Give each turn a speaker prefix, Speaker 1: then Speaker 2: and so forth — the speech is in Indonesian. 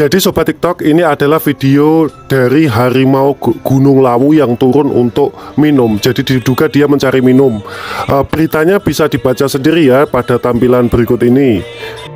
Speaker 1: Jadi Sobat TikTok ini adalah video dari harimau Gunung Lawu yang turun untuk minum Jadi diduga dia mencari minum eh, Beritanya bisa dibaca sendiri ya pada tampilan berikut ini